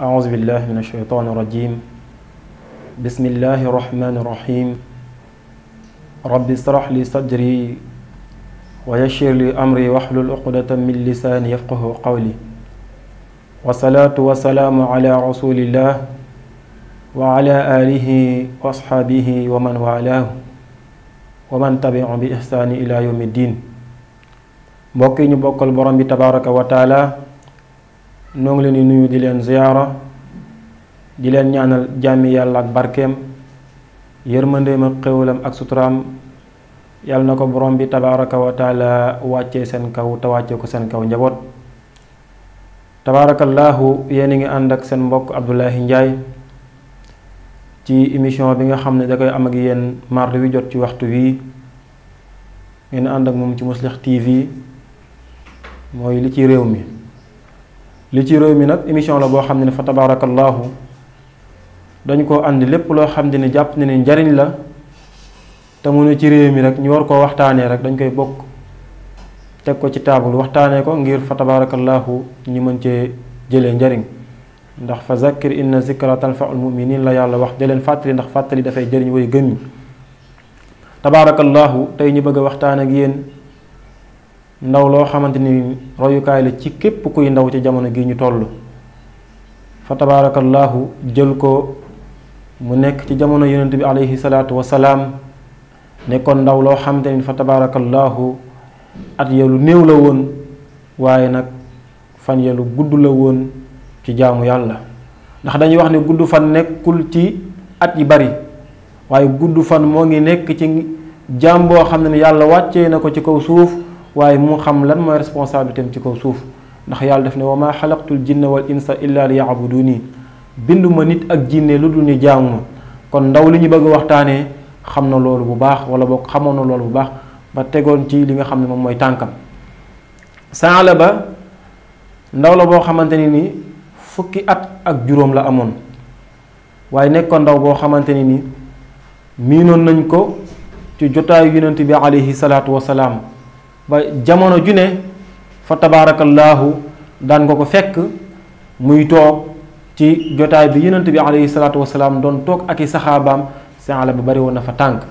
أعوذ بالله من الشيطان الرجيم بسم الله الرحمن الرحيم رب اشرح لي صدري ويسر لي أمري واحلل عقدة من لساني يفقه قولي والصلاة والسلام على رسول الله وعلى آله وأصحابه ومن والاه ومن تبعهم بإحسان إلى يوم الدين mbokk yi ñu bokkal borom bi tabaraka wa taala noo ngi leen yi nuyu di leen ziyaara di leen ñaanal jàmmi yàlla ak barkeem yërmandeem ak xewlam ak suturaam yàlla na ko borom bi tabaaraka wa taala seen kaw te wàccee ko seen kaw njaboot tabaarakallaahu yéen a ngi ànd ak seen mbokk Abdoulaye Ndiaye ci émission bi nga xam ne da koy am ak yéen wi jot ci waxtu wii ngeen ànd ak moom ci Mouslih TV mooy li ci réew mi li ci réew mi nag émission la boo xam ne fa tabaarakallaahu dañ koo àndi lépp loo xam ne jàpp ne njariñ la te mu ne ci réew mi rek ñu war koo waxtaanee rek dañ koy bokk teg ko ci taabul waxtaanee ko ngir fa tabaarakallaahu ñu mën cee jëlee njariñ ndax fa zakkir inna zikra tanfaul muminin la yàlla wax de fàttali ndax fàttali dafay jëriñ woy gëm yi tabaarakallaahu tey ñu bëgg a waxtaan ndaw loo xamante ni royukaay la ci képp kuy ndaw ci jamono gi ñu toll fa tabaarakallaahu jël ko mu nekk ci jamono yonent bi aleyhi salaatu wasalaam nekkoon ndaw loo xamante ni fa tabaarakallaahu at ya lu néew la woon waaye nag fan ya lu gudd la woon ci jaamu yàlla ndax dañuy wax ne gudd fan nekkul ci at yi bari waaye gudd fan moo ngi nekk ci jaam boo xam ne yàlla wàcce na ko ci kaw suuf waaye mu xam lan mooy responsabilité ci kaw suuf ndax yàlla def ne wa maa xalaqtul jinna wal insa illa li yaabuduni bindu ma nit ak jinne lu dul ñu jaamu kon ndaw li ñu bëgg a waxtaanee xam na loolu bu baax wala boog xamoon na loolu bu baax ba tegoon ci li nga xam ne moom mooy tànkam saala ba ndaw la boo xamante ni ni fukki at ak juróom la amoon waaye nekkoon ndaw boo xamante ni ni miinoon nañ ko ci jotaayu yonent bi alayhi salaatu wasalaam ba jamono ju ne fa tabaarakallaahu daan nga ko fekk muy toog ci jotaay bi yonent bi alayhi salaatu doon toog ak i saxaabaam seen ala ba bari woon na fa tànk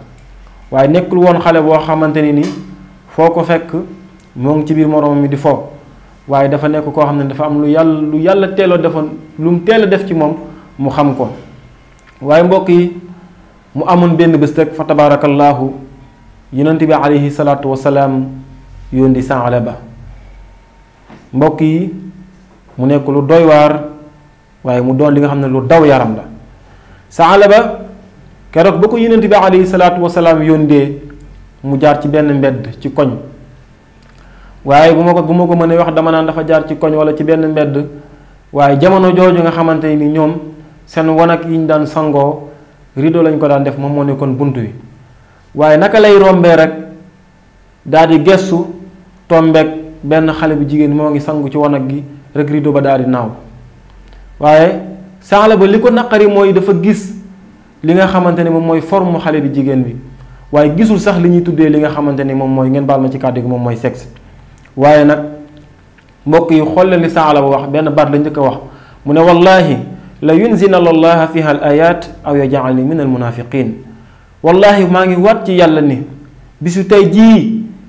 waaye nekkul woon xale boo xamante ni ni foo ko fekk moo ngi ci biir moroom mi di fo waaye dafa nekk koo xam ne dafa am lu yàlla lu yàlla teeloo defoon lu mu teel a def ci moom mu xam ko waaye mbokk yi mu amoon benn bés rek fa tabaarakallaahu yonent bi alayhi yónni sanale ba mbokk yi mu nekk lu doy waar waaye mu doon li nga xam ne lu daw yaram la sanale ba keroog ba ko yonent bi alayhi salaatu wasalaam yóndee mu jaar ci benn mbedd ci koñ waaye bu ma ko bu ma ko mënee wax dama naan dafa jaar ci koñ wala ci benn mbedd waaye jamono jooju nga xamante ni ñoom seen wanag yi ñu daan sangoo rido lañ ko daan def moom moo nekkoon bunt wi waaye naka lay rombee rek daal di gestu tombeek benn xale bu jigéen moo ngi sangu ci wanag gi rek rido ba daal di naaw waaye saala ba li ko naqari mooy dafa gis li nga xamante ne moom mooy forme xale bi jigéen bi waaye gisul sax li ñuy tuddee li nga xamante ni moom mooy ngeen baal ma ci kàddu gi moom mooy sexe waaye nag mbokk yi xolle li saala ba wax benn baat la njëkk a wax mu ne wallaahi la yunzina llaha fiha al ayat aw yajalni min al munafiqin wallaahi maa ngi wat yàlla ni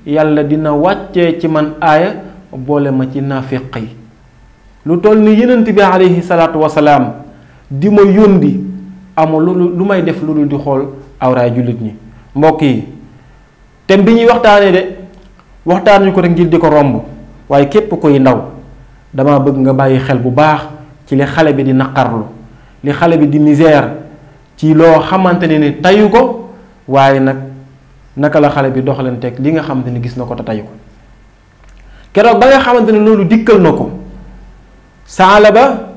yàlla dina wàccee ci man aaya boole ma ci naafiq yi lu toll ni yenent bi aleyhi salaatu di ma yóndi amul lu lu may def lu dul di xool awraay jullit ñi mbokk yi tem bi ñuy waxtaanee de waxtaanuñu ko rek ngir di ko romb waaye képp koy ndaw dama bëgg nga bàyyi xel bu baax ci li xale bi di naqarlu li xale bi di misère ci loo xamante ni ni teyu ko waaye nag naka la xale bi doxalanteek li nga xamante ni gis na ko te ko keroog ba nga xamante ni loolu dikkal na ko saala ba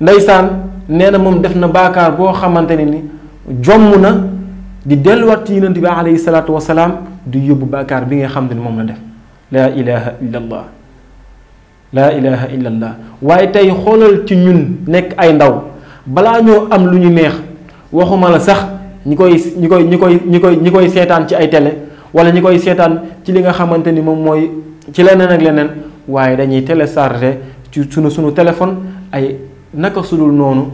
ndeysaan nee na moom def na baakaar boo xamante ne ni jomm na di delluwaat ci yonent bi alayhi salaatu wasalaam di yóbbu baakaar bi nga xamante ni moom la def laa ilaha illa allah laa ilaha waaye tey xoolal ci ñun nekk ay ndaw balaa ñoo am lu ñu neex waxuma la sax ñi koy ñi koy ñi koy ñi koy ñi koy seetaan ci ay tele wala ñi koy seetaan ci li nga xamante ni moom mooy ci leneen ak leneen waaye dañuy télécharger ci sunu sunu téléphone ay naka sudul noonu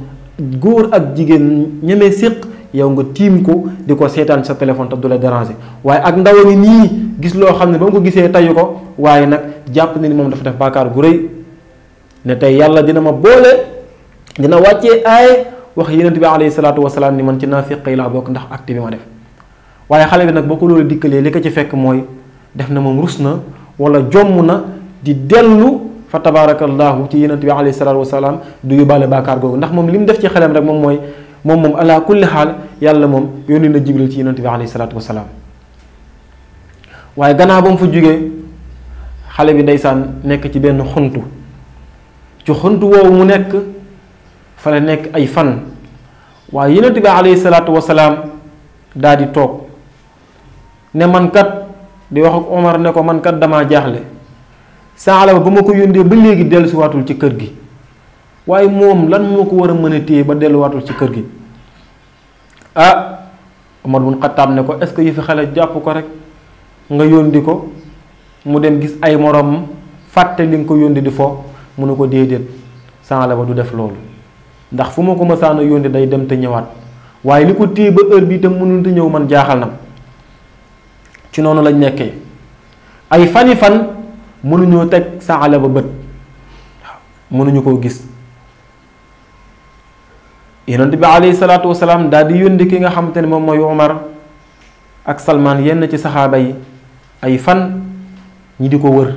góor ak jigéen ñemee séq yow nga tiim ko di ko seetaan sa téléphone te du la déranger waaye ak ndaw a nii gis loo xam ne ba mu ko gisee tayu ko waaye nag jàpp na ni moom dafa def baakaar gu rëy ne tey yàlla dina ma boole dina wàccee ay wax yonent bi alayhi salaatu wasalaam ni man ci naafiq yi laa bokk ndax acte bi ma def waaye xale bi nag boo ko loolu dikkalee li ko ci fekk mooy def na moom rus na wala jomm na di dellu fa tabaarakallaahu ci yonent bi alayhi salaatu wasalaam du yóbbaale baakaar googu ndax moom li mu def ci xelam rek moom mooy moom moom ala kulli xaal yàlla moom yónni na jibril ci yonent bi alayhi salaatu wasalaam waaye gannaaw ba mu fa jógee xale bi ndeysaan nekk ci benn xuntu ci xuntu fa nekk ay fan waaye yonent bi alayhi salaatu wasalaam daal di toog ne man kat di wax ak ne ko man kat damaa jaaxle Saalaba ba ma ko yóndee ba léegi dellusiwaatul ci kër gi waaye moom lan moo ko war a mën a téye ba delluwaatul ci kër gi ah Omar bun Xattaab ne ko est-ce que yëfi xale jàpp ko rek nga yóndi ko mu dem gis ay moroom fàtte li nga ko yóndi di fo mu ne ko déedéet Saalaba du def loolu ndax fu ma ko masaana yónni day dem te ñëwaat waaye li ko téye ba heure bii te mënul te ñëw man jaaxal na ci noonu lañ nekkee ay fani fan mënuñoo teg saala ba bët mënuñu koo gis yonent bi alayhi salaatu wasalaam daal di yónni ki nga xamante ne moom mooy Umar ak Salmaan yenn ci saxaaba yi ay fan ñi di ko wër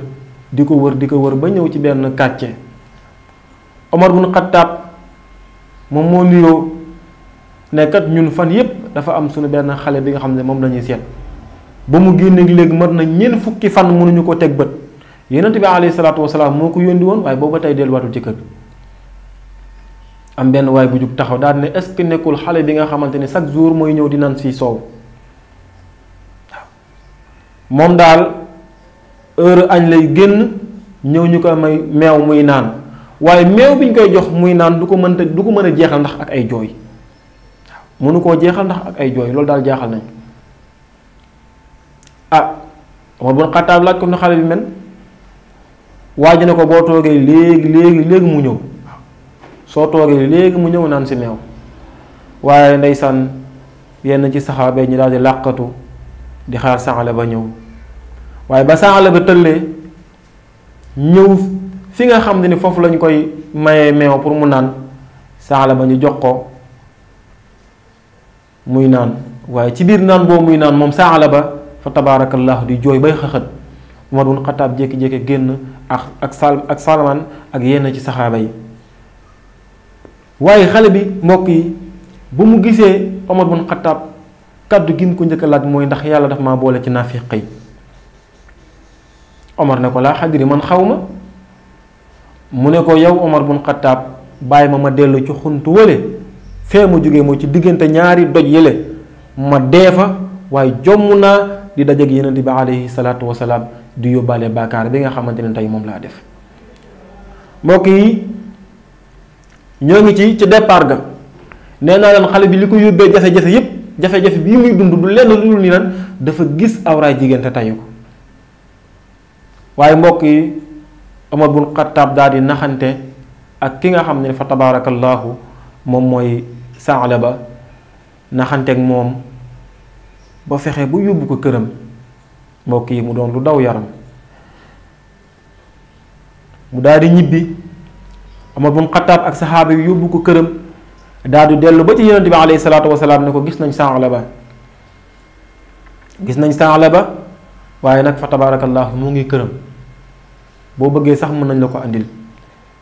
di ko wër di ko wër ba ñëw ci benn kàcce Umar bun Xattaab moom moo nuyoo ne kat ñun fan yëpp dafa am suñu benn xale bi nga xam ne moom lañuy ñuy seet ba mu génneeg léegi mën na ñeent fukki fan mënuñu ko teg bët yonent bi alayhi salaatu wasalaam moo ko yóndi woon waaye booba tey delluwaatul ci kër am benn waay bu jug taxaw daal ne est-ce que nekkul xale bi nga xamante ne chaque jour mooy ñëw di naan si soow moom daal heure añ lay génn ñëw ñu ko may meew muy naan waaye meew bi ñu koy jox muy naan du ko mënta du ko mën a jeexal ndax ak ay jooy mënu koo jeexal ndax ak ay jooy loolu daal jaaxal nañu ah Omar bun Xattaab laaj ko nu xale bi mel waaj na ko boo toogee léegi léegi léegi mu ñëw soo toogee léegi mu ñëw naan si meew waaye ndeysaan yenn ci saxaaba ñu daal di làqatu di xaar saxale ba ñëw waaye ba saxale ba tëllee ñëw fi nga xam ne ni foofu lañu koy mayee meew pour mu naan saala ba ñu jox ko muy naan waaye ci biir naan boobu muy naan moom saala ba fa tabaarakallahu di jooy bay xëxët Umar bun Xataab jékki-jékki génn ak Salman ak yenn ci saxaaba yi waaye xale bi mbokk yi bu mu gisee Umar bun Xataab kàddu gi mu ko njëkk a laaj mooy ndax yàlla dafa ma boole ci naafiq yi Omar ne ko laa xadri man xaw ma mu ne ko yow Omar bun Xattaab bàyyi ma ma dellu ci xuntu wële fee ma jóge moo ci diggante ñaari doj yële ma dee fa waaye jomm naa di dajeek Yonent bi aleyhi salaatu wasalaam di yóbbaale baakaar bi nga xamante ne tey moom laa def mbokk yi ñoo ngi ci ci départ ga nee naa leen xale bi li ko yóbbee jafe-jafe yépp jafe-jafe bii muy dund du lenn lu dul ni lan dafa gis awraay jigéen te ko waaye mbokk Omar bun Xattaab daal naxante ak ki nga xam ne fa tabaarakallaahu moom mooy Saalaba naxanteeg moom ba fexe bu yóbbu ko këram mbokk yi mu doon lu daw yaram mu daldi di ñibbi Omar bun Xattaab ak saxaaba yi yóbbu ko këram daal dellu ba ci yonent bi alayhi salaatu wasalaam ne ko gis nañ Saalaba gis nañ ba waaye nag fa tabaarakallaahu mu ngi këram. boo bëggee sax mën nañ la ko indil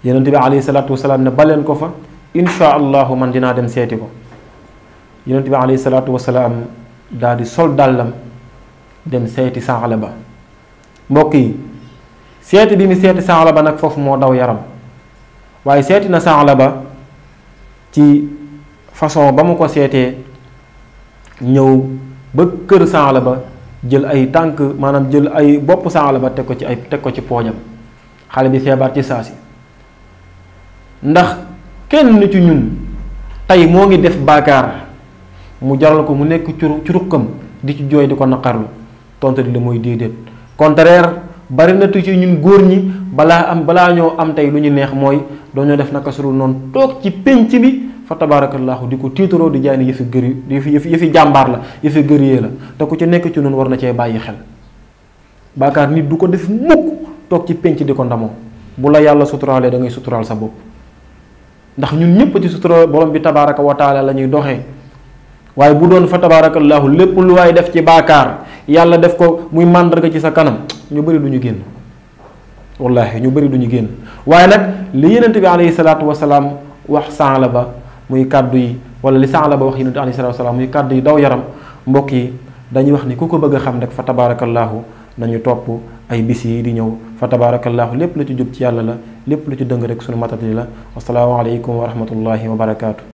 yonent bi alayhi salaatu wasalaam ne baleen ko fa incha allahu man dinaa dem seeti ko yonent bi alayhi salaatu wasalaam daal di sol dàllam dem seeti saxale ba mbokk yi seeti bi mu seeti saxale ba nag foofu moo daw yaram waaye seeti na saxale ba ci façon ba mu ko seetee ñëw ba kër saxale ba jël ay tànk maanaam jël ay bopp saxale ba teg ko ci ay teg ko ci poojam xale bi feebar ci saa si ndax kenn ci ñun tey moo ngi def baakaar mu jaral ko mu nekk curu curuqam di ci jooy di ko naqarlu tontu di la mooy déedéet contraire bari na tu ci ñun góor ñi balaa am balaa ñoo am tey lu ñu neex mooy dañoo def naka sulu noonu toog ci pénc bi fa tabaarakallaahu di ko tiitaroo di jaay ni yëfi gër yëfi yëfi yëfi jàmbaar la yëfi gër yee la te ku ci nekk ci noonu war na cee bàyyi xel baakaar nit du ko def mukk toog ci penc di ko ndamoo bu la yàlla suturaalee da ngay suturaal sa bopp ndax ñun ñëpp ci sutura borom bi tabaaraka wa taala la ñuy doxee waaye bu doon fa tabaarakallaahu lépp lu waaye def ci baakaar yàlla def ko muy màndarga ci sa kanam ñu bari du ñu génn wallaahi ñu bari duñu génn waaye nag li yenent bi alayhi salaatu wasalaam wax saala ba muy kàddu yi wala li saala ba wax yenent bi alayhi salaatu wasalaam muy kàddu yi daw yaram mbokk yi dañuy wax ni ku ko bëgg a xam rek fa tabaarakallaahu nañu topp ay bis yi di ñëw fa tabaarakallaahu lépp lu ci jub ci yàlla la lépp lu ci dëng rek sunu matati la asalaamaaleykum wa rahmatullahi wa barakaatu.